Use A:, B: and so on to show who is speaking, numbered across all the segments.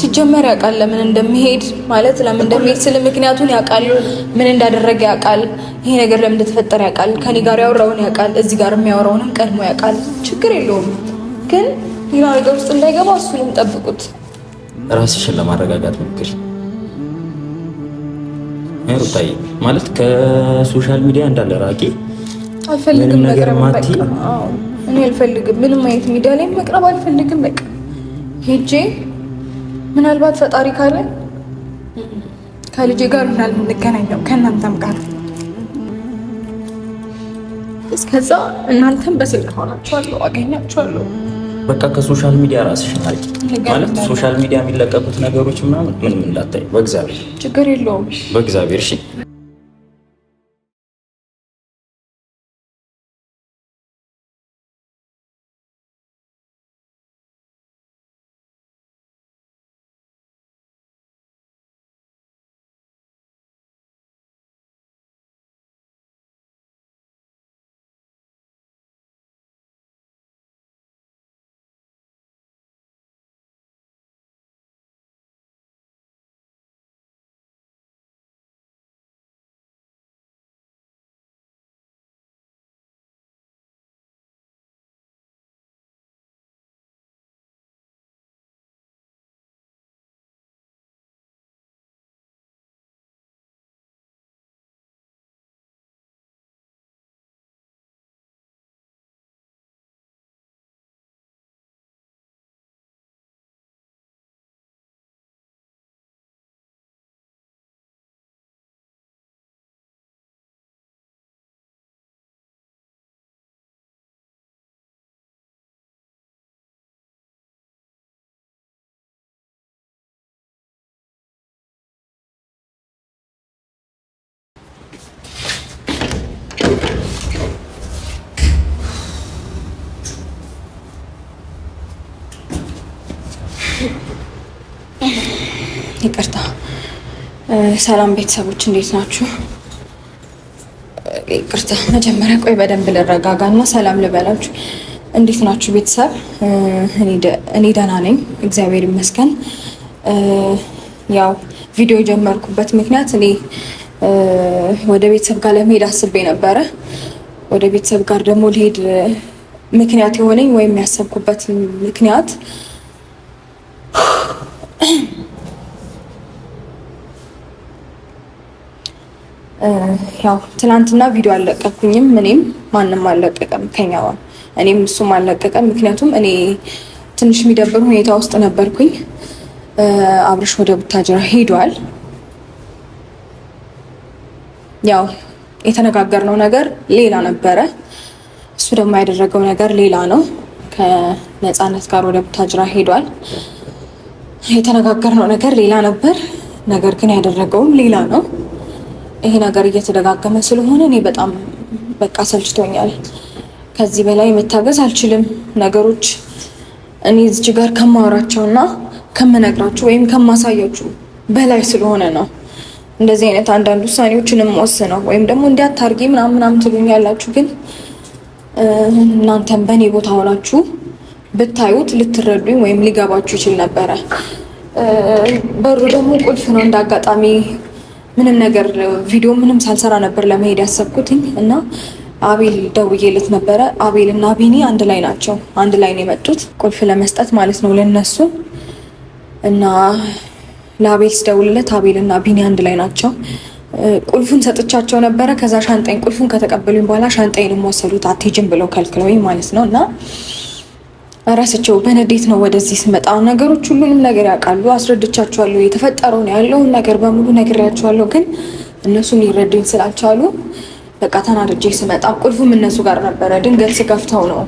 A: ሲጀመር ያውቃል ለምን እንደሚሄድ ማለት ለምን እንደሚሄድ ስለ ምክንያቱን ያውቃል። ምን እንዳደረገ ያውቃል። ይሄ ነገር ለምን እንደተፈጠረ ያውቃል። ከኔ ጋር ያወራውን ያውቃል። እዚህ ጋር የሚያወራውንም ቀድሞ ያውቃል። ችግር የለውም ግን ሌላ ነገር ውስጥ እንዳይገባ እሱንም ጠብቁት።
B: ራስሽን ለማረጋጋት ሞክሪ ሩታዬ። ማለት ከሶሻል ሚዲያ እንዳለ ራቂ።
A: አልፈልግም ነገር ማቲ እኔ አልፈልግም። ምንም አይነት ሚዲያ ላይ መቅረብ አልፈልግም። በቃ ሄጄ ምናልባት ፈጣሪ ካለ ከልጄ ጋር ምናል የምንገናኘው ከእናንተም ጋር እስከዛ እናንተም በስልክ ሆናችኋለሁ፣ አገኛችኋለሁ።
B: በቃ ከሶሻል ሚዲያ ራስሽን አርቂ። ማለት ሶሻል ሚዲያ የሚለቀቁት ነገሮች ምናምን ምንም እንዳታይ። በእግዚአብሔር
A: ችግር የለውም። በእግዚአብሔር እሺ ይቅርታ። ሰላም ቤተሰቦች እንዴት ናችሁ? ይቅርታ መጀመሪያ ቆይ በደንብ ልረጋጋ እና ሰላም ልበላችሁ። እንዴት ናችሁ ቤተሰብ? እኔ ደህና ነኝ እግዚአብሔር ይመስገን። ያው ቪዲዮ የጀመርኩበት ምክንያት እኔ ወደ ቤተሰብ ጋር ለመሄድ አስቤ ነበረ። ወደ ቤተሰብ ጋር ደግሞ ልሄድ ምክንያት የሆነኝ ወይም ያሰብኩበት ምክንያት ያው ትናንትና ቪዲዮ አልለቀኩኝም። እኔም ማንም አልለቀቀም ከኛዋ እኔም እሱም አልለቀቀም። ምክንያቱም እኔ ትንሽ የሚደብር ሁኔታ ውስጥ ነበርኩኝ። አብርሽ ወደ ቡታጅራ ሄዷል። ያው የተነጋገርነው ነገር ሌላ ነበረ፣ እሱ ደግሞ ያደረገው ነገር ሌላ ነው። ከነፃነት ጋር ወደ ቡታጅራ ሄዷል። የተነጋገርነው ነገር ሌላ ነበር፣ ነገር ግን ያደረገውም ሌላ ነው። ይሄ ነገር እየተደጋገመ ስለሆነ እኔ በጣም በቃ ሰልችቶኛል። ከዚህ በላይ መታገዝ አልችልም። ነገሮች እኔ እዚህ ጋር ከማወራቸውና ከምነግራችሁ ወይም ከማሳያችሁ በላይ ስለሆነ ነው እንደዚህ አይነት አንዳንድ ውሳኔዎችንም ወስነው ወይም ደግሞ እንዲያታርጊ ምናምን ምናምን ያላችሁ ግን እናንተም በእኔ ቦታ ሆናችሁ ብታዩት ልትረዱኝ ወይም ሊገባችሁ ይችል ነበረ። በሩ ደግሞ ቁልፍ ነው እንዳጋጣሚ ምንም ነገር ቪዲዮ ምንም ሳልሰራ ነበር ለመሄድ ያሰብኩትኝ እና አቤል ደውዬለት ነበረ። አቤል እና ቢኒ አንድ ላይ ናቸው። አንድ ላይ ነው የመጡት ቁልፍ ለመስጠት ማለት ነው ለነሱ እና ለአቤል ስደውልለት አቤል እና ቢኒ አንድ ላይ ናቸው። ቁልፉን ሰጥቻቸው ነበረ። ከዛ ሻንጣኝ ቁልፉን ከተቀበሉኝ በኋላ ሻንጣይንም ወሰዱት። አትሄጂም ብለው ከልክለውኝ ማለት ነው እና ራሳቸው በንዴት ነው ወደዚህ ስመጣ። ነገሮች ሁሉንም ነገር ያውቃሉ፣ አስረድቻቸዋለሁ። የተፈጠረውን ያለውን ነገር በሙሉ ነግሬያቸዋለሁ። ግን እነሱን ይረዱኝ ስላልቻሉ በቃ ተናድጄ ስመጣ ቁልፉም እነሱ ጋር ነበረ። ድንገት ስከፍተው ነው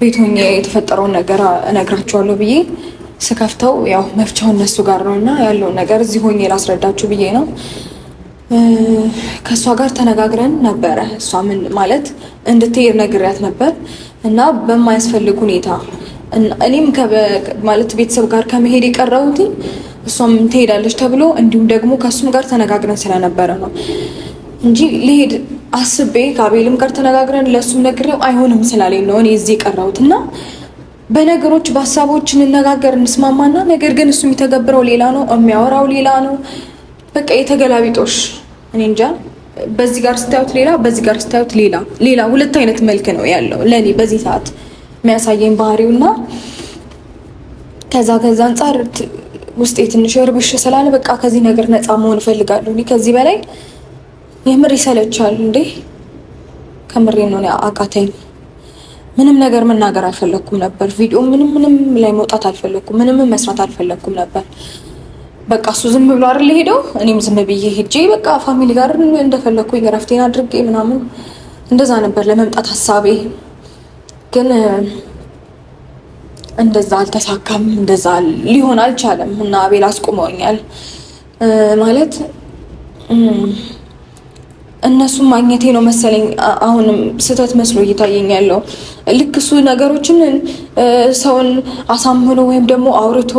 A: ቤት የተፈጠረውን ነገር እነግራቸዋለሁ ብዬ ስከፍተው ያው መፍቻው እነሱ ጋር ነው እና ያለውን ነገር እዚህ ሆኜ ላስረዳችሁ ብዬ ነው። ከእሷ ጋር ተነጋግረን ነበረ። እሷ ምን ማለት እንድትሄድ ያት ነበር እና በማያስፈልግ ሁኔታ እኔም ማለት ቤተሰብ ጋር ከመሄድ የቀረቡትን እሷም ትሄዳለች ተብሎ እንዲሁም ደግሞ ከእሱም ጋር ተነጋግረን ስለነበረ ነው እንጂ ልሄድ አስቤ ከአቤልም ጋር ተነጋግረን ለእሱም ነግሬው አይሆንም ስላለኝ ነው እኔ እዚህ የቀረሁት እና በነገሮች በሀሳቦች እንነጋገር እንስማማና፣ ነገር ግን እሱ የሚተገብረው ሌላ ነው፣ የሚያወራው ሌላ ነው። በቃ የተገላቢጦሽ እኔ እንጃ። በዚህ ጋር ስታዩት ሌላ፣ በዚህ ጋር ስታዩት ሌላ ሌላ ሁለት አይነት መልክ ነው ያለው ለእኔ በዚህ ሰዓት የሚያሳየኝ ባህሪው እና ከዛ ከዛ አንጻር ውስጤ ትንሽ እርብሽ ስላለ በቃ ከዚህ ነገር ነፃ መሆን እፈልጋለሁ። እኔ ከዚህ በላይ የምር ይሰለቻል እንዴ ከምሬ ነው አቃተኝ። ምንም ነገር መናገር አልፈለኩም ነበር። ቪዲዮ ምንም ምንም ላይ መውጣት አልፈለኩም። ምንም መስራት አልፈለኩም ነበር። በቃ እሱ ዝም ብሎ አይደል ሄደው፣ እኔም ዝም ብዬ ሄጄ በቃ ፋሚሊ ጋር እንደፈለግኩኝ እረፍቴን አድርጌ ምናምን እንደዛ ነበር ለመምጣት ሀሳቤ። ግን እንደዛ አልተሳካም፣ እንደዛ ሊሆን አልቻለም እና አቤል አስቁመውኛል ማለት እነሱ ማግኘቴ ነው መሰለኝ አሁንም ስህተት መስሎ እየታየኝ ያለው። ልክ እሱ ነገሮችን ሰውን አሳምኖ ወይም ደግሞ አውርቶ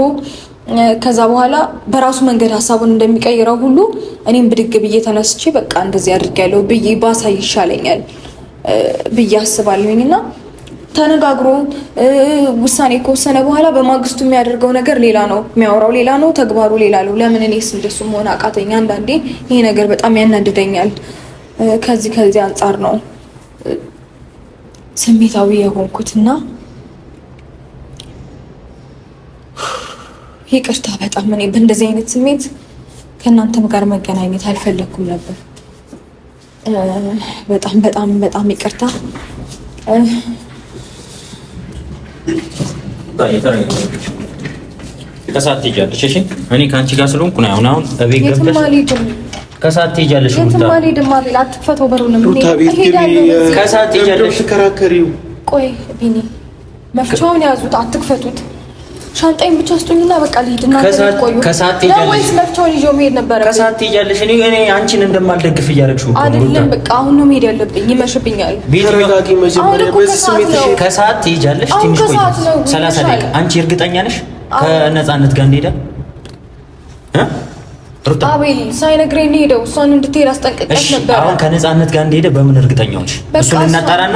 A: ከዛ በኋላ በራሱ መንገድ ሀሳቡን እንደሚቀይረው ሁሉ እኔም ብድግ ብዬ ተነስቼ በቃ እንደዚህ አድርጊያለሁ ብዬ ባሳይ ይሻለኛል ብዬ አስባለሁኝ እና ተነጋግሮ ውሳኔ ከወሰነ በኋላ በማግስቱ የሚያደርገው ነገር ሌላ ነው፣ የሚያወራው ሌላ ነው፣ ተግባሩ ሌላ ነው። ለምን እኔ ስንደሱ መሆን አቃተኛ? አንዳንዴ ይሄ ነገር በጣም ያናድደኛል። ከዚህ ከዚህ አንጻር ነው ስሜታዊ የሆንኩት እና ይቅርታ በጣም እኔ በእንደዚህ አይነት ስሜት ከእናንተም ጋር መገናኘት አልፈለግኩም ነበር። በጣም በጣም በጣም ይቅርታ።
B: ከሰዓት ትሄጃለሽ። እሺ እኔ ከአንቺ ጋር ስለሆንኩ ነው። አሁን አሁን እቤት ገብተሽ ከሰዓት ትሄጃለሽ። ከሰዓት ትሄጃለሽ።
A: ቆይ ቢኒ መፍቻውን ያዙት፣ አትክፈቱት ሻንጣይን ብቻ ስጡኝና በቃ ልሂድና
B: ቆዩ። እኔ እኔ አንቺን እንደማልደግፍ እያደረግሽ
A: አይደለም። በቃ አሁን ነው መሄድ ያለብኝ። ይመሽብኛል።
B: ከሰዓት ትሄጃለሽ። ትንሽ ቆይ፣ ደቂቃ። አንቺ እርግጠኛ ነሽ ከነፃነት ጋር እንደሄደ?
A: አቤል ሳይነግረኝ ነው የሄደው። እሷን እንድትሄድ አስጠንቅቄያት
B: ነበር። አሁን ከነፃነት ጋር እንደሄደ በምን እርግጠኛ ሆንሽ? እሱን እናጣራና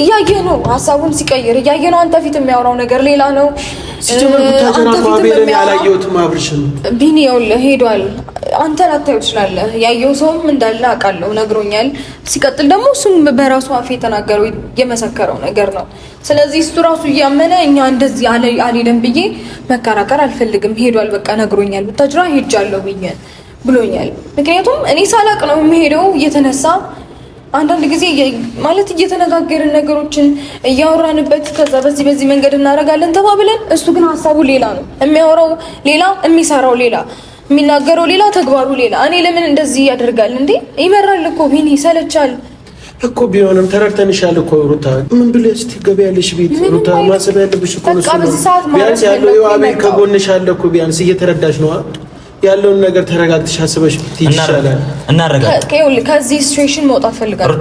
A: እያየህ ነው ሀሳቡን ሲቀይር እያየህ ነው። አንተ ፊት የሚያወራው ነገር ሌላ ነው።
C: ሲጀመር ቡታጀራቤለን ያላየሁትም አብርሽን
A: ቢኒ ይኸውልህ ሄዷል። አንተን አታየው ትችላለህ። ያየው ሰውም እንዳለ አውቃለሁ፣ ነግሮኛል። ሲቀጥል ደግሞ እሱም በራሱ አፍ የተናገረው የመሰከረው ነገር ነው። ስለዚህ እሱ ራሱ እያመነ እኛ እንደዚህ አልሄደም ብዬ መከራከር አልፈልግም። ሄዷል፣ በቃ ነግሮኛል። ቡታጅራ ሄጃለሁ ብሎኛል። ምክንያቱም እኔ ሳላቅ ነው የሚሄደው እየተነሳ አንዳንድ ጊዜ ማለት እየተነጋገርን ነገሮችን እያወራንበት ከዛ በዚህ በዚህ መንገድ እናደርጋለን ተባብለን፣ እሱ ግን ሀሳቡ ሌላ ነው። የሚያወራው ሌላ፣ የሚሰራው ሌላ፣ የሚናገረው ሌላ፣ ተግባሩ ሌላ። እኔ ለምን እንደዚህ ያደርጋል እንዴ? ይመራል እኮ ቢኒ፣ ይሰለቻል
C: እኮ ቢሆንም ተረድተንሻል እኮ ሩታ። ምን ብለሽ ትገቢያለሽ ቤት? ሩታ ማሰብ ያለብሽ እኮ ቢያንስ ያለው አቤል ከጎንሽ አለ እኮ ቢያንስ እየተረዳሽ ነዋ ያለውን ነገር ተረጋግተሽ አስበሽ ይሻላል።
A: ከዚህ ሲቹዌሽን መውጣት ፈልጋለሁ።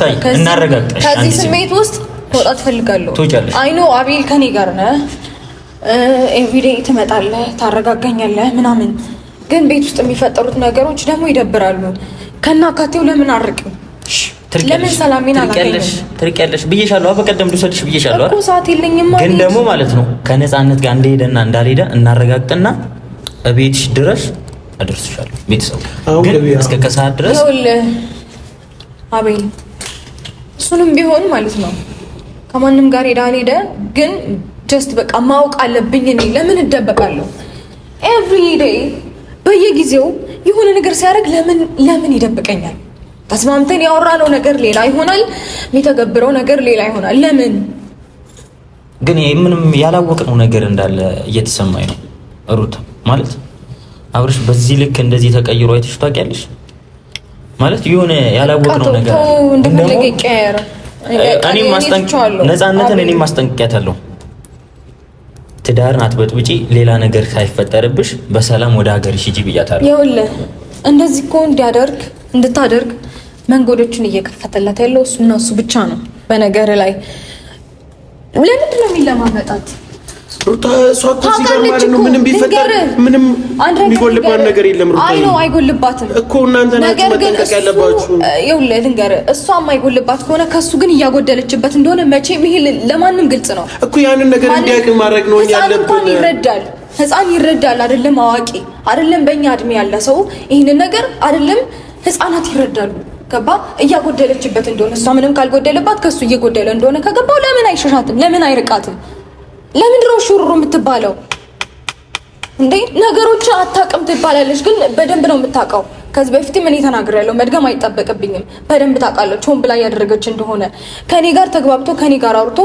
A: ከዚህ ስሜት ውስጥ መውጣት ፈልጋለሁ። አይ ኖ አቤል ከኔ ጋር ነህ፣ ኤቭሪዴይ ትመጣለህ፣ ታረጋጋኛለህ ምናምን፣ ግን ቤት ውስጥ የሚፈጠሩት ነገሮች ደግሞ ይደብራሉ። ከና ካቴው ለምን አርቅም
B: ለምን ሰላሜን አላገኘሽ ትርቅያለሽ ብዬሻለሁ። በቀደም ልውሰድሽ ብዬሻለሁ
A: እኮ ሰዓት የለኝም።
B: ግን ደግሞ ማለት ነው ከነፃነት ጋር እንደሄደና እንዳልሄደ እናረጋግጥና ቤትሽ ድረስ አደርስሻለሁ። ቤተሰቡ ግን እስከ ከሰዓት ድረስ
A: አቤል እሱንም ቢሆን ማለት ነው ከማንም ጋር ሄዳ ሄደ። ግን ጀስት በቃ ማወቅ አለብኝ። እኔ ለምን እደበቃለሁ? ኤቭሪ ዴይ በየጊዜው የሆነ ነገር ሲያደርግ ለምን ለምን ይደብቀኛል? ተስማምተን ያወራነው ነገር ሌላ ይሆናል፣ የሚተገብረው ነገር ሌላ ይሆናል። ለምን
B: ግን ምንም ያላወቅነው ነገር እንዳለ እየተሰማኝ ነው ሩት ማለት አብርሽ በዚህ ልክ እንደዚህ ተቀይሮ አይተሽ ታውቂያለሽ? ማለት የሆነ ያላወቅነው ነገር ነፃነትን እኔም ማስጠንቀቂያታለሁ። ትዳርን አትበጥብጪ፣ ሌላ ነገር ሳይፈጠርብሽ በሰላም ወደ ሀገርሽ ሂጂ ብያታለሁ።
A: ይኸውልህ እንደዚህ እኮ እንዲያደርግ እንድታደርግ መንገዶችን እየከፈተላት ያለው እሱና እሱ ብቻ ነው። በነገር ላይ ለምንድን ነው የሚለማመጣት?
C: ሩታ እሷ ምንም ቢፈጠር ምንም የሚጎልባት ነገር የለም።
A: አይ ነው አይጎልባትም
C: እኮ እናንተ ናችሁ መጠንቀቅ ያለባችሁ።
A: ይኸውልህ ልንገርህ፣ እሷ የማይጎልባት ከሆነ ከሱ ግን እያጎደለችበት እንደሆነ መቼም ይሄ ለማንም ግልጽ ነው
C: እኮ ያንን ነገር እንዲያውቅ ማድረግ ነው
A: ያለብን። ይረዳል፣ ህፃን ይረዳል። አይደለም አዋቂ አይደለም በእኛ እድሜ ያለ ሰው ይህንን ነገር አይደለም ህፃናት ይረዳሉ። ገባ እያጎደለችበት እንደሆነ እሷ ምንም ካልጎደለባት ከሱ እየጎደለ እንደሆነ ከገባው ለምን አይሸሻትም? ለምን አይርቃትም? ለምንድን ነው ሹሩሩ የምትባለው እንዴ? ነገሮች አታውቅም ትባላለች፣ ግን በደንብ ነው የምታውቀው። ከዚህ በፊትም እኔ ተናግሬያለሁ፣ መድገም አይጠበቅብኝም። በደንብ ታውቃለች ሆን ብላ ያደረገች እንደሆነ። ከኔ ጋር ተግባብቶ ከኔ ጋር አውርቶ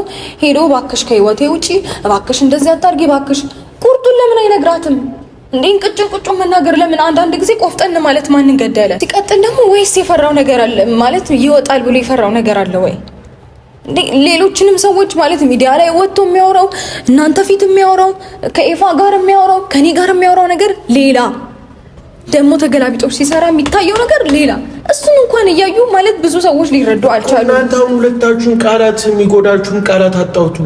A: ሄዶ እባክሽ ከህይወቴ ውጪ፣ እባክሽ እንደዚህ አታርጊ፣ እባክሽ ቁርጡን ለምን አይነግራትም እንዴ? እንቅጭን ቁጩን መናገር ለምን? አንዳንድ ጊዜ ቆፍጠን ማለት ማንን ገደለ? ሲቀጥል ደግሞ ወይስ የፈራው ነገር አለ ማለት ይወጣል ብሎ የፈራው ነገር አለ ወይ? ሌሎችንም ሰዎች ማለት ሚዲያ ላይ ወጥቶ የሚያወራው እናንተ ፊት የሚያወራው ከኤፋ ጋር የሚያወራው ከኔ ጋር የሚያወራው ነገር ሌላ፣ ደግሞ ተገላቢጦች ሲሰራ የሚታየው ነገር ሌላ። እሱን እንኳን እያዩ ማለት ብዙ ሰዎች ሊረዱ አልቻሉ።
C: እናንተ አሁን ሁለታችሁን ቃላት የሚጎዳችሁን ቃላት አጣውቱ።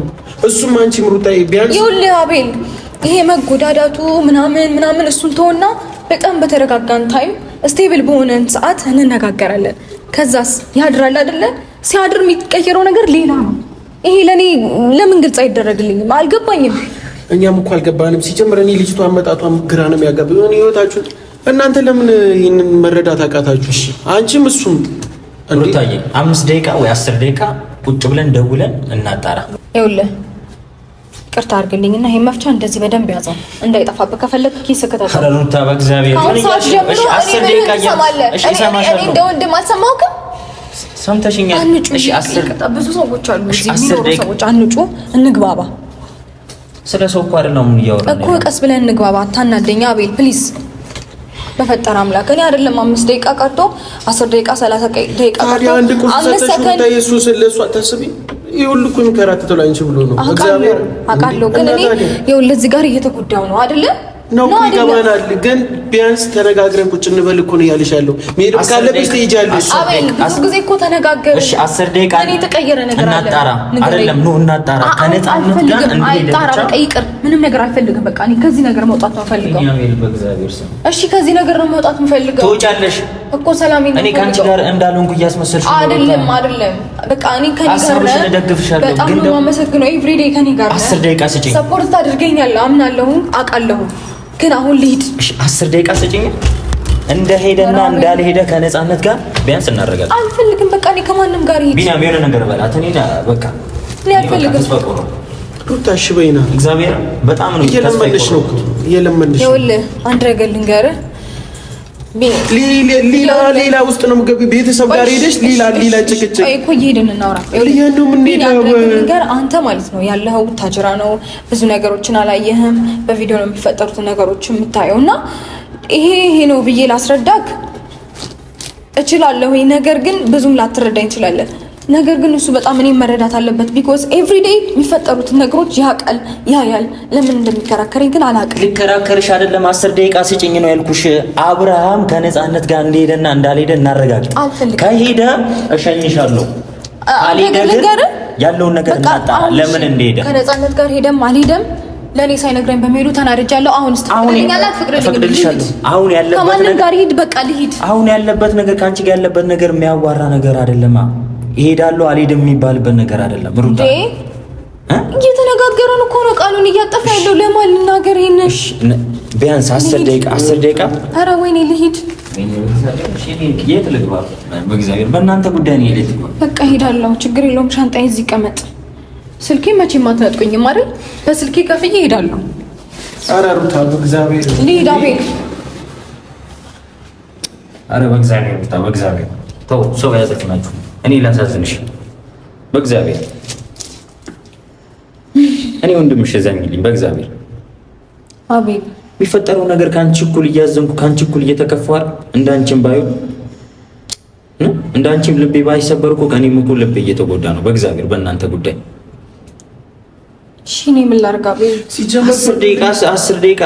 C: እሱም አንቺ ምሩጣ ቢያንስ
A: ይኸውልህ አቤል ይሄ መጎዳዳቱ ምናምን ምናምን እሱን ተወና በጣም በተረጋጋን ታይም ስቴብል በሆነን ሰዓት እንነጋገራለን። ከዛስ ያድራል አይደለ? ሲያድር የሚቀየረው ነገር ሌላ ነው። ይሄ ለእኔ ለምን ግልጽ አይደረግልኝም? አልገባኝም።
C: እኛም እኮ አልገባንም። ሲጀምር እኔ ልጅቷ አመጣጧም ግራ ነው የሚያጋብ እኔ ህይወታችሁ እናንተ ለምን ይህንን መረዳት አቃታችሁ? እሺ አንቺም እሱም
B: ሩታዬ፣ አምስት ደቂቃ ወይ አስር ደቂቃ ቁጭ ብለን ደውለን እናጣራ።
A: ይኸውልህ ይቅርታ አድርግልኝ እና ይሄ መፍቻ እንደዚህ በደንብ ያዘው እንዳይጠፋብህ። ከፈለግ ኪስ ከተታ
B: ሩታ በእግዚአብሔር እኔ
A: እንደ ወንድም አልሰማሁክም። ሰምተሽኛል። አንጩ ብዙ ሰዎች አሉ እዚህ የሚኖሩ ሰዎች፣ አንጩ፣ እንግባባ።
B: ስለ ሰው እኮ አይደለም እያወራን
A: እኮ ቀስ ብለን እንግባባ። አታናደኛ አቤል ፕሊዝ በፈጠረ አምላክ እኔ አይደለም አምስት ደቂቃ ቀርቶ አስር ደቂቃ ሰላሳ ደቂቃ
C: ቀርቶ አንድ ቁርስ ብሎ ነው
A: አውቃለሁ። ግን እኔ ይኸውልህ እዚህ ጋር እየተጎዳው ነው አይደለም
C: ነው ይገባናል። ግን ቢያንስ ተነጋግረን ቁጭ እንበል እኮ ነው እያልሽ ያለው። መሄድ ካለብሽ ትሄጃለሽ።
A: ብዙ ጊዜ እኮ ተነጋገርን።
B: እሺ አስር ደቂቃ
A: ተቀየረ ነገር
B: አለ አይደለም? ነው እናጣራ።
A: ከነጻነት ጋር አይጣራ። በቃ ይቅር፣ ምንም ነገር አልፈልግም። በቃ እኔ ከዚህ ነገር መውጣት ነው የምፈልገው። እሺ ከዚህ ነገር ነው መውጣት የምፈልገው። ትወጫለሽ እኮ ሰላም።
B: እኔ ከአንቺ ጋር እንዳልሆንኩ እያስመሰልሽ
A: አይደለም። አይደለም በቃ እኔ ከኔ
B: ጋር ነው።
A: በጣም ነው የማመሰግነው። ኤቭሪዴይ ከኔ ጋር ነው።
B: አስር ደቂቃ ስጪኝ።
A: ሰፖርት አድርገኛለሁ። አምናለሁ፣ አውቃለሁ ግን አሁን ልሂድ።
B: አስር ደቂቃ ስጭኝ። እንደ ሄደና እንዳልሄደ ከነፃነት ጋር ቢያንስ እናደርጋለን።
A: አልፈልግም። በቃ እኔ ከማንም ጋር ይሄድ
B: ቢኒያም የሆነ ነገር በላት። እኔ በቃ
A: እኔ አልፈልግም።
C: ሩታ እሺ በይና፣
B: እግዚአብሔር በጣም ነው
C: እየለመንሽ ነው እኮ እየለመንሽ።
A: ይኸውልህ አንድ ነገር ልንገርህ
C: ሌላ ሌላ ውስጥ ነው የምገቢው። ቤተሰብ ጋር ሄደሽ ሌላ ሌላ ጭቅጭቅ
A: አንተ ማለት ነው ያለኸው ታጅራ ነው። ብዙ ነገሮችን አላየህም። በቪዲዮ ነው የሚፈጠሩት ነገሮች የምታየው እና ይሄ ይሄ ነው ብዬ ላስረዳግ እችላለሁ። ነገር ግን ብዙም ላትረዳኝ እንችላለን ነገር ግን እሱ በጣም እኔ መረዳት አለበት። ቢኮዝ ኤቭሪዴይ የሚፈጠሩት ነገሮች ያውቃል፣ ያያል። ለምን እንደሚከራከረኝ ግን አላውቅም።
B: ሊከራከርሽ አይደለም፣ አስር ደቂቃ ስጭኝ ነው ያልኩሽ። አብርሃም ከነፃነት ጋር እንደሄደና እንዳልሄደ እናረጋግጥ። ከሄደ እሸኝሻለሁ፣ ካልሄደ ግን ያለውን ነገር እናጣ። ለምን እንደሄደ
A: ከነፃነት ጋር ሄደም አልሄደም ለእኔ ሳይነግረኝ በመሄዱ ተናድጃለሁ። አሁን ስ ፈቅድልሻለሁ። አሁን ያለበት ነገር ከማንም ጋር ሂድ፣ በቃ ልሂድ።
B: አሁን ያለበት ነገር ከአንቺ ጋር ያለበት ነገር የሚያዋራ ነገር አይደለማ ይሄዳሉ አልሄድም የሚባልበት ነገር አይደለም።
A: ሩታ እየተነጋገረን እኮ ነው፣ ቃሉን እያጠፋ ያለው ለማን ልናገር? ይነሽ
B: ቢያንስ አስር ደቂቃ አስር ደቂቃ።
A: ኧረ ወይኔ ልሂድ፣
B: የት ልግባ? በእግዚአብሔር በእናንተ ጉዳይ ነው። የት ልግባ?
A: በቃ ሄዳለሁ፣ ችግር የለውም። ሻንጣዬ እዚህ ቀመጥ። ስልኬ መቼ ማትነጥቁኝ አይደል? በስልኬ ከፍዬ ሄዳለሁ።
C: ኧረ ሩታ በእግዚአብሔር
A: ልሂድ። አቤል
B: ኧረ በእግዚአብሔር ሩታ በእግዚአብሔር ተው፣ ሰው ያዘች ናችሁ እኔ ላሳዝንሽ በእግዚአብሔር እኔ ወንድምሽ እዘኝልኝ በእግዚአብሔር አቤት የሚፈጠረው ነገር ከአንቺ እኩል እያዘንኩ ከአንቺ እኩል እየተከፋል እንዳንቺም ባዩ እንዳንቺም ልቤ ባይሰበርኩ ከኔም እኩል ልቤ እየተጎዳ ነው በእግዚአብሔር በእናንተ ጉዳይ
A: እሺ እኔ ምን ላድርግ
B: አስር ደቂቃ አስር ደቂቃ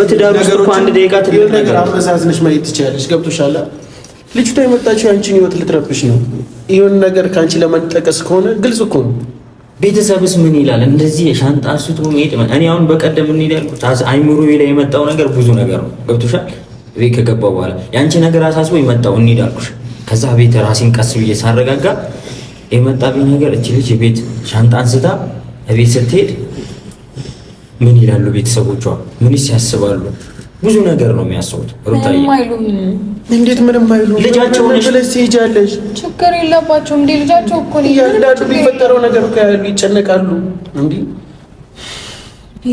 C: በትዳር ውስጥ እኮ አንድ ደቂቃ ትልቅ ነገር አመዛዝነሽ ማየት ትችያለሽ ገብቶሻል ልጅቷ የመጣችው የአንቺን ህይወት ልትረብሽ ነው። ይሁን ነገር ከአንቺ ለመንጠቀስ ከሆነ ግልጽ እኮ ነው።
B: ቤተሰብስ ምን ይላል? እንደዚህ የሻንጣ ስቶ መሄድ እኔ አሁን በቀደም እንሄድ ያልኩት አይምሮ ላይ የመጣው ነገር ብዙ ነገር ነው። ገብቶሻል? ቤት ከገባ በኋላ የአንቺ ነገር አሳስቦ የመጣው እንሄድ አልኩሽ። ከዛ ቤት ራሴን ቀስ ብዬ ሳረጋጋ የመጣብኝ ነገር እች ልጅ የቤት ሻንጣ አንስታ ቤት ስትሄድ ምን ይላሉ ቤተሰቦቿ? ምንስ ያስባሉ? ብዙ ነገር ነው የሚያስቡት።
A: ሩታዬ
C: እንዴት ምንም አይሉም? ልጃቸው ብለሽ ትሄጃለሽ።
A: ችግር የለባቸው እንዴ ልጃቸው እኮ
C: እያንዳንዱ የሚፈጠረው ነገር እኮ ያሉ ይጨነቃሉ። እንዲ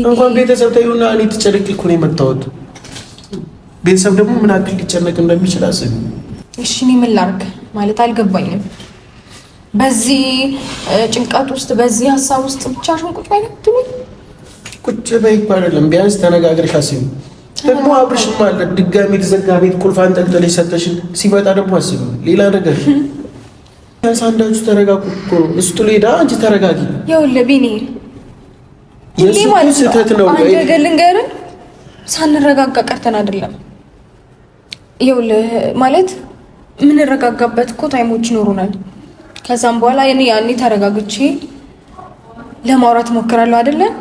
C: እንኳን ቤተሰብ ታዩና እኔ ትጨነቅ እኮ ነው የመታወት ቤተሰብ ደግሞ ምን አክል ሊጨነቅ እንደሚችል አስቢ።
A: እሺ እኔ ምን ላድርግ ማለት አልገባኝም። በዚህ ጭንቀት ውስጥ በዚህ ሀሳብ ውስጥ ብቻሽን ቁጭ በይ
C: ቁጭ በይ ይባላል። ቢያንስ ተነጋግረሽ አስቢ ደግሞ አብርሽ አለ ድጋሚ የተዘጋ ቤት ቁልፍ አንጠልጥለሽ ሰጠሽን። ሲመጣ ደግሞ አስቢ ሌላ ነገር። አንዳችሁ ተረጋጉ እኮ እስቱ ሌዳ አንቺ ተረጋጊ። ይኸውልህ ቢኒ የእሱ ስህተት ነው። አንድ
A: ነገር ልንገርህ፣ ሳንረጋጋ ቀርተን አይደለም። ይኸውልህ ማለት የምንረጋጋበት እኮ ታይሞች ይኖሩናል። ከዛም በኋላ እኔ ያኔ ተረጋግቼ ለማውራት እሞክራለሁ። አይደለም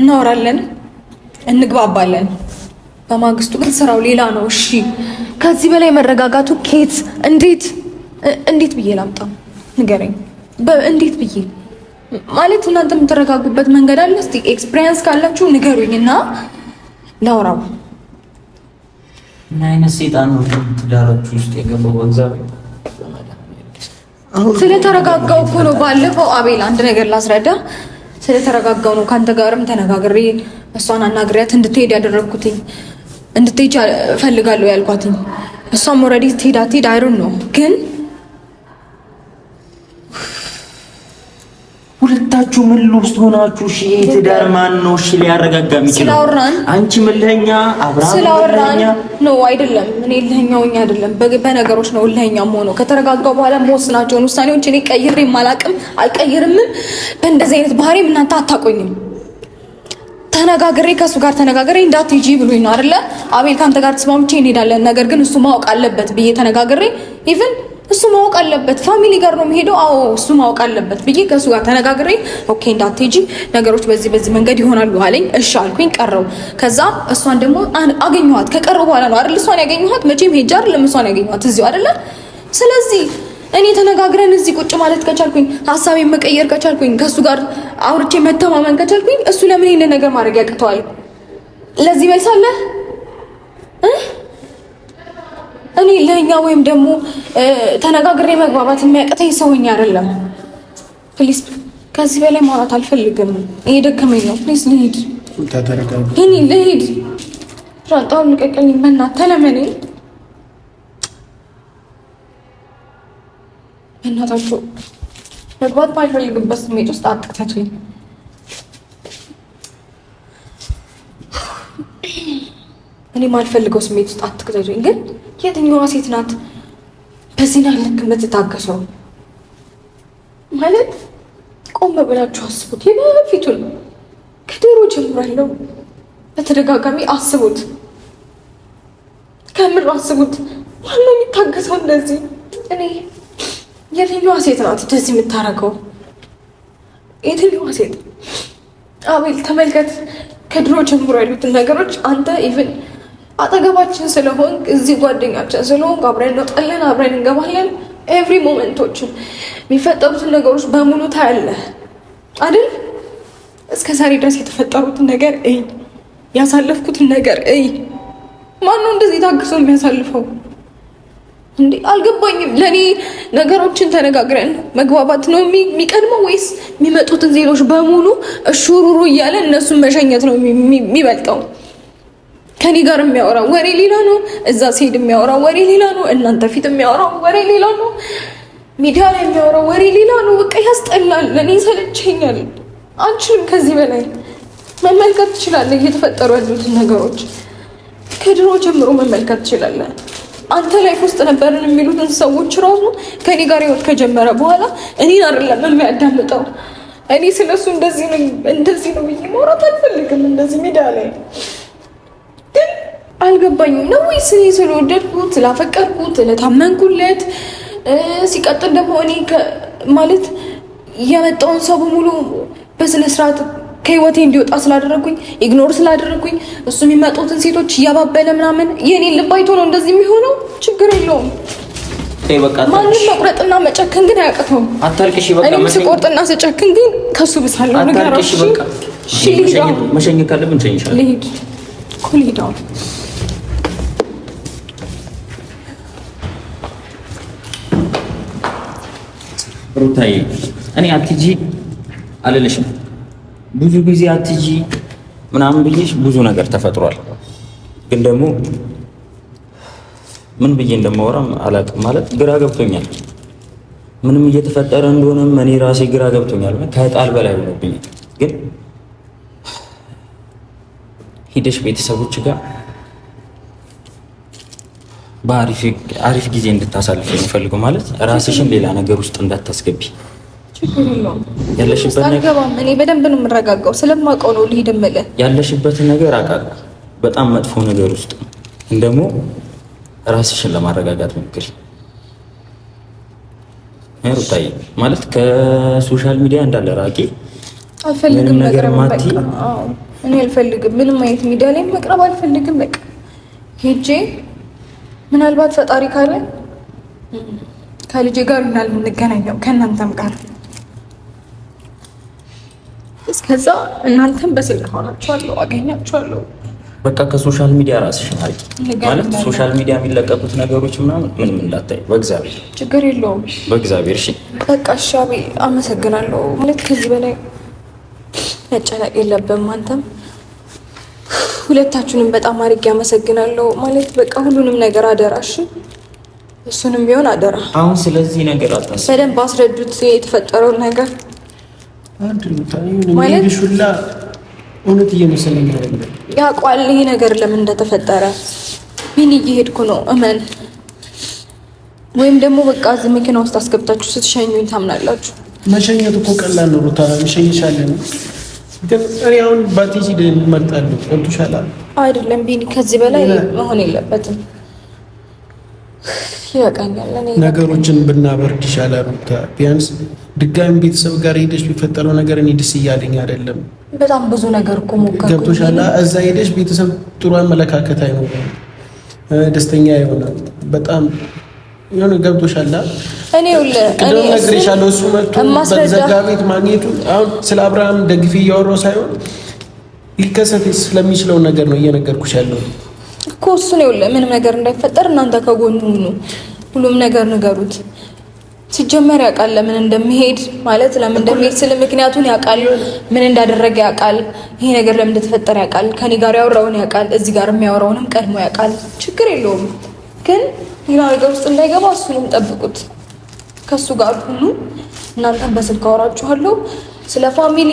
A: እናወራለን፣ እንግባባለን በማግስቱ ግን ስራው ሌላ ነው። እሺ ከዚህ በላይ መረጋጋቱ ኬት እንዴት እንዴት ብዬ ላምጣው ንገረኝ። እንዴት ብዬ ማለት እናንተ የምትረጋጉበት መንገድ አለ? እስቲ ኤክስፒሪየንስ ካላችሁ ንገሩኝ እና ላውራው።
B: ምን አይነት ሴጣን ትዳራችሁ ውስጥ የገባው እግዚአብሔር።
A: ስለተረጋጋው እኮ ነው። ባለፈው አቤል አንድ ነገር ላስረዳ። ስለተረጋጋው ነው ከአንተ ጋርም ተነጋግሬ እሷን አናግሪያት እንድትሄድ ያደረግኩትኝ እንድትሄጂ እፈልጋለሁ ያልኳትኝ። እሷም ኦልሬዲ ትሄዳ ትሄድ አይሮን ነው ግን
B: ሁለታችሁ ምን ውስጥ ሆናችሁ? እሺ ትዳር ማን ነው እሺ ሊያረጋጋ የሚችል? ስላወራን አንቺ ምልህኛ አብራም
A: ስላወራን ነው አይደለም። እኔ ልህኛው እኛ አይደለም በነገሮች ነው ልህኛም ሆኖ ከተረጋጋው በኋላ መወስናቸውን ውሳኔዎች እኔ ቀይሬ አላቅም፣ አልቀይርምም። በእንደዚህ አይነት ባህሪም እናንተ አታቆኝም። ተነጋግሬ ከእሱ ጋር ተነጋግሬ እንዳትሄጂ ብሎኝ ነው አይደለ? አቤል ከአንተ ጋር ተስማምቼ እንሄዳለን፣ ነገር ግን እሱ ማወቅ አለበት ብዬ ተነጋግሬ ኢቭን እሱ ማወቅ አለበት ፋሚሊ ጋር ነው የሚሄደው። አዎ እሱ ማወቅ አለበት ብዬ ከእሱ ጋር ተነጋግሬ ኦኬ እንዳትሄጂ ነገሮች በዚህ በዚህ መንገድ ይሆናሉ አለኝ። እሺ አልኩኝ፣ ቀረው። ከዛ እሷን ደግሞ አገኘኋት ከቀረው በኋላ ነው አይደል እሷን ያገኘኋት። መቼም ሄጃ አይደለም እሷን ያገኘኋት እዚሁ አይደለ? ስለዚህ እኔ ተነጋግረን እዚህ ቁጭ ማለት ከቻልኩኝ፣ ሀሳቤን መቀየር ከቻልኩኝ፣ ከሱ ጋር አውርቼ መተማመን ከቻልኩኝ፣ እሱ ለምን ይሄንን ነገር ማድረግ ያቅተዋል? ለዚህ መልስ አለ እኔ ለኛ ወይም ደግሞ ተነጋግሬ መግባባት የሚያቅተኝ ሰውኛ አይደለም። ፕሊስ ከዚህ በላይ ማውራት አልፈልግም። ደከመኝ ነው። ፕሊዝ ልሂድ፣ ልሂድ። ሻንጣውን ልቀቅልኝ። መናት ተለመኔ በእናታችሁ መግባት ባልፈልግበት ስሜት ውስጥ አጥቅተቱኝ እኔ ማልፈልገው ስሜት ውስጥ አትክተቱኝ። ግን የትኛዋ ሴት ናት በዚህ ና ልክ የምትታገሰው? ማለት ቆም ብላችሁ አስቡት። የበፊቱን ከድሮ ጀምሮ ያለው በተደጋጋሚ አስቡት፣ ከምር አስቡት። ማነው የሚታገሰው እንደዚህ እኔ የትኛዋ ሴት ናት እንደዚህ የምታደርገው? የትኛዋ ሴት አቤል፣ ተመልከት። ከድሮ ጀምሮ ያሉትን ነገሮች አንተ ኢቭን አጠገባችን ስለሆን እዚህ ጓደኛችን ስለሆን አብረን እንወጣለን፣ አብረን እንገባለን። ኤቭሪ ሞመንቶችን የሚፈጠሩትን ነገሮች በሙሉ ታያለህ አይደል? እስከ ዛሬ ድረስ የተፈጠሩትን ነገር እይ፣ ያሳለፍኩትን ነገር እይ። ማነው እንደዚህ ታግሶ የሚያሳልፈው? እንዴ አልገባኝም። ለእኔ ነገሮችን ተነጋግረን መግባባት ነው የሚቀድመው ወይስ የሚመጡትን ዜሎች በሙሉ እሹሩሩ እያለ እነሱን መሸኘት ነው የሚበልጠው? ከኔ ጋር የሚያወራው ወሬ ሌላ ነው፣ እዛ ሲሄድ የሚያወራው ወሬ ሌላ ነው፣ እናንተ ፊት የሚያወራው ወሬ ሌላ ነው፣ ሚዲያ ላይ የሚያወራው ወሬ ሌላ ነው። በቃ ያስጠላል። ለእኔ ሰለቸኛል። አንችልም ከዚህ በላይ መመልከት ትችላለህ፣ እየተፈጠሩ ያሉትን ነገሮች ከድሮ ጀምሮ መመልከት ትችላለህ። አንተ ላይፍ ውስጥ ነበርን የሚሉትን ሰዎች ራሱ ከኔ ጋር ህይወት ከጀመረ በኋላ እኔን አይደለም የሚያዳምጠው። እኔ ስለሱ እንደዚህ ነው እንደዚህ ነው ብዬ ማውራት አልፈልግም። እንደዚህ ሜዳ ላይ ግን አልገባኝም ነው ወይስ እኔ ስለወደድኩት ስላፈቀርኩት ስለታመንኩለት ሲቀጥል ደግሞ እኔ ማለት የመጣውን ሰው በሙሉ በስነስርዓት ከህይወቴ እንዲወጣ ስላደረጉኝ ኢግኖር ስላደረጉኝ እሱ የሚመጡትን ሴቶች እያባበለ ምናምን የኔን ልብ አይቶ ነው እንደዚህ የሚሆነው። ችግር የለውም። ማንም መቁረጥና መጨክን ግን አያቅተውም። እኔም ስቆርጥና ስጨክን ግን ከሱ ብሳለሁ።
B: ንገራሽ መሸኘት ካለብን
A: ልሂድ እኮ ልሂድ
B: ሩታዬ እኔ አትሂጂ አልልሽም ብዙ ጊዜ አትጂ ምናምን ብዬሽ ብዙ ነገር ተፈጥሯል። ግን ደግሞ ምን ብዬ እንደማወራም አላውቅም። ማለት ግራ ገብቶኛል። ምንም እየተፈጠረ እንደሆነም እኔ ራሴ ግራ ገብቶኛል። ከጣል በላይ ሆኖብኛል። ግን ሂደሽ ቤተሰቦች ጋር በአሪፍ ጊዜ እንድታሳልፍ የሚፈልገው ማለት ራስሽን ሌላ ነገር ውስጥ እንዳታስገቢ
A: ያለሽበት ነገር በደንብ ነው የምረጋጋው፣ ስለማውቀው ነው ልሂድ የምልህ።
B: ያለሽበትን ነገር አውቃለሁ። በጣም መጥፎ ነገር ውስጥ እንደሞ ራስሽን ለማረጋጋት ሞክሪ። ሩታዬ ማለት ከሶሻል ሚዲያ እንዳለ ራቂ።
A: አልፈልግም ነገር ማቲ እኔ አልፈልግም። ምንም አይነት ሚዲያ ላይ መቅረብ አልፈልግም። በቃ ሄጄ ምናልባት ፈጣሪ ካለ ከልጄ ጋር ምናል የምንገናኘው ከእናንተም ጋር እስከዛ እናንተም በስልክ ሆናችኋለሁ፣ አገኛችኋለሁ።
B: በቃ ከሶሻል ሚዲያ ራስሽን አርቂ። ማለት ሶሻል ሚዲያ የሚለቀቁት ነገሮች ምናምን ምንም እንዳታይ በእግዚአብሔር
A: ችግር የለውም። በእግዚአብሔር እሺ፣ በቃ እሺ። አመሰግናለሁ። ማለት ከዚህ በላይ መጨነቅ የለብም። አንተም ሁለታችሁንም በጣም አድርጌ አመሰግናለሁ። ማለት በቃ ሁሉንም ነገር አደራሽ፣ እሱንም ቢሆን አደራ።
B: አሁን ስለዚህ ነገር አታስብ፣
A: በደንብ አስረዱት የተፈጠረውን ነገር
C: እውነት እየመሰለኝ
A: ያውቋል ይሄ ነገር ለምን እንደተፈጠረ ቢኒ፣ እየሄድኩ ነው እመን። ወይም ደግሞ በቃ እዚህ መኪና ውስጥ አስገብታችሁ ስትሸኙኝ ታምናላችሁ።
C: መሸኘት እኮ ቀላል ነው ሩታ፣ እንሸኝሻለን። ግን እኔ አሁን ባቴጂ እመርጣለሁ። ገብቶሻል
A: አይደለም ቢኒ? ከዚህ በላይ መሆን የለበትም። ይበቃኛል።
C: ነገሮችን ብናበርድ ይሻላል ሩታ ቢያንስ ድጋሚ ቤተሰብ ጋር ሄደሽ የሚፈጠረው ነገር እኔ ደስ እያለኝ አይደለም።
A: በጣም ብዙ ነገር እኮ ሞከርኩኝ።
C: ገብቶሻል። እዛ ሄደሽ ቤተሰብ ጥሩ አመለካከት አይኖርም፣ ደስተኛ ይሆናል። በጣም የሆነ ገብቶሻል። እኔ ቅድም ነግሬሻለሁ። እሱ መጥቶ በዘጋ ቤት ማግኘቱ አሁን ስለ አብርሃም ደግፌ እያወራሁ ሳይሆን ሊከሰት ስለሚችለው ነገር ነው እየነገርኩሽ ያለው
A: እኮ እሱ ነው። ምንም ነገር እንዳይፈጠር እናንተ ከጎኑ ሁሉም ነገር ንገሩት ሲጀመር ያውቃል ለምን እንደሚሄድ ማለት ለምን እንደሚሄድ ስለ ምክንያቱን ያውቃል፣ ምን እንዳደረገ ያውቃል፣ ይሄ ነገር ለምን እንደተፈጠረ ያውቃል፣ ከኔ ጋር ያወራውን ያውቃል፣ እዚህ ጋር የሚያወራውንም ቀድሞ ያውቃል። ችግር የለውም ግን ሌላ ነገር ውስጥ እንዳይገባ እሱንም ጠብቁት። ከሱ ጋር ሁሉ እናንተም በስልክ አወራችኋለሁ ስለ ፋሚሊ፣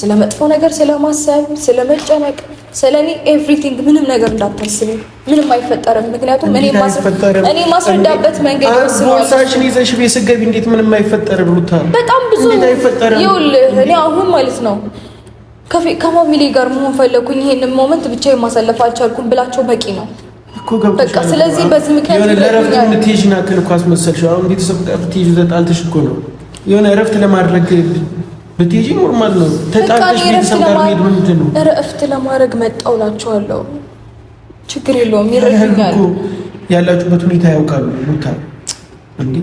A: ስለ መጥፎ ነገር ስለማሰብ፣ ስለ መጨነቅ ስለ እኔ ኤቭሪቲንግ ምንም ነገር እንዳታስቢ፣ ምንም አይፈጠርም። ምክንያቱም እኔ ማስረዳበት መንገድ
C: ቦርሳሽን ይዘሽ ቤት ስትገቢ እንዴት ምንም አይፈጠርም? ሩታ
A: በጣም ብዙ ይኸውልህ፣ እኔ አሁን ማለት ነው ከፋሚሊ ጋር መሆን ፈለኩኝ። ይሄንን ሞመንት ብቻ የማሳለፍ አልቻልኩም ብላቸው በቂ ነው እኮ ስለዚህ በዚህ ምክንያት
C: የሆነ ለእረፍት የምትሄጂን እኮ አስመሰልሽ። አሁን ቤተሰብ ጋር ብትሄጂ ተጣልተሽ እኮ ነው የሆነ እረፍት ለማድረግ ብትሄጂ ኖርማል ነው። ተጣጣሽ ቤተሰብ ጋር ሄድ ምንድን ነው?
A: እረፍት ለማድረግ መጣው ችግር የለውም ይረዳኛል።
C: ያላችሁበት ሁኔታ ያውቃሉ። ቦታ እንዴ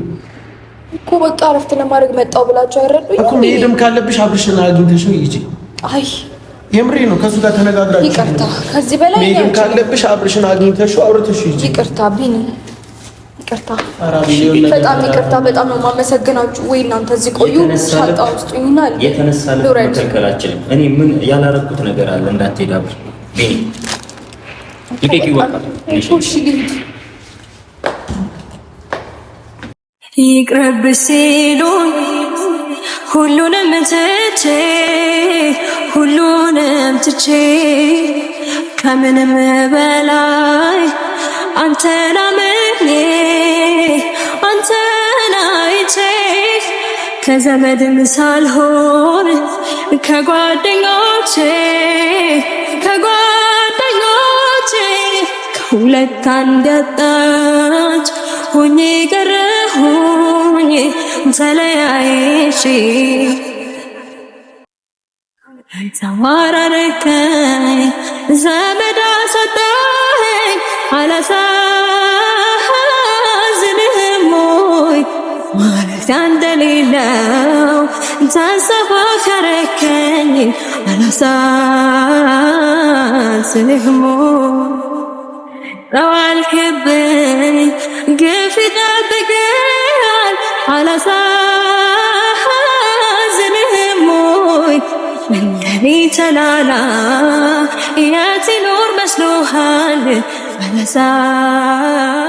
A: እኮ በቃ እረፍት ለማድረግ መጣው ብላችሁ አይረዱኝ
C: እኮ መሄድም ካለብሽ አብርሽን አግኝተሽ ነው ይጂ። አይ የምሬ ነው። ከሱ ጋር ተነጋግራችሁ
A: ይቅርታ። ከዚህ በላይ
C: መሄድም ካለብሽ አብርሽን አግኝተሽ አውርተሽ ሂጂ።
A: ይቅርታ ቢኒ ይቅርታ፣ በጣም ይቅርታ። በጣም ነው የማመሰግናችሁ። ወይ እናንተ እዚህ ቆዩ፣ ሻንጣ ውስጥ ይሆናል
B: የተነሳልመከላችንም እኔ ምን ያላረኩት ነገር አለ? እንዳትሄዳ
A: ይቅረብ ሲሉ ሁሉንም ትቼ ሁሉንም ትቼ ከምንም በላይ አንተን አምኜ አንተን አይቼ ከዘመድም ሳልሆን ከጓደኞቼ ከጓደኞቼ ከሁለት አንድ ያጣች ሆኜ ቀረሁኝ ተለያይሽ ዘመድ አሳጣ على حزن هموي وعلى لو ليلة تنسى فكركني على حزن هموي لو الحب كيف تبقى على حزن هموي من دليل تلالا ياتي نور مشلوها አበዛ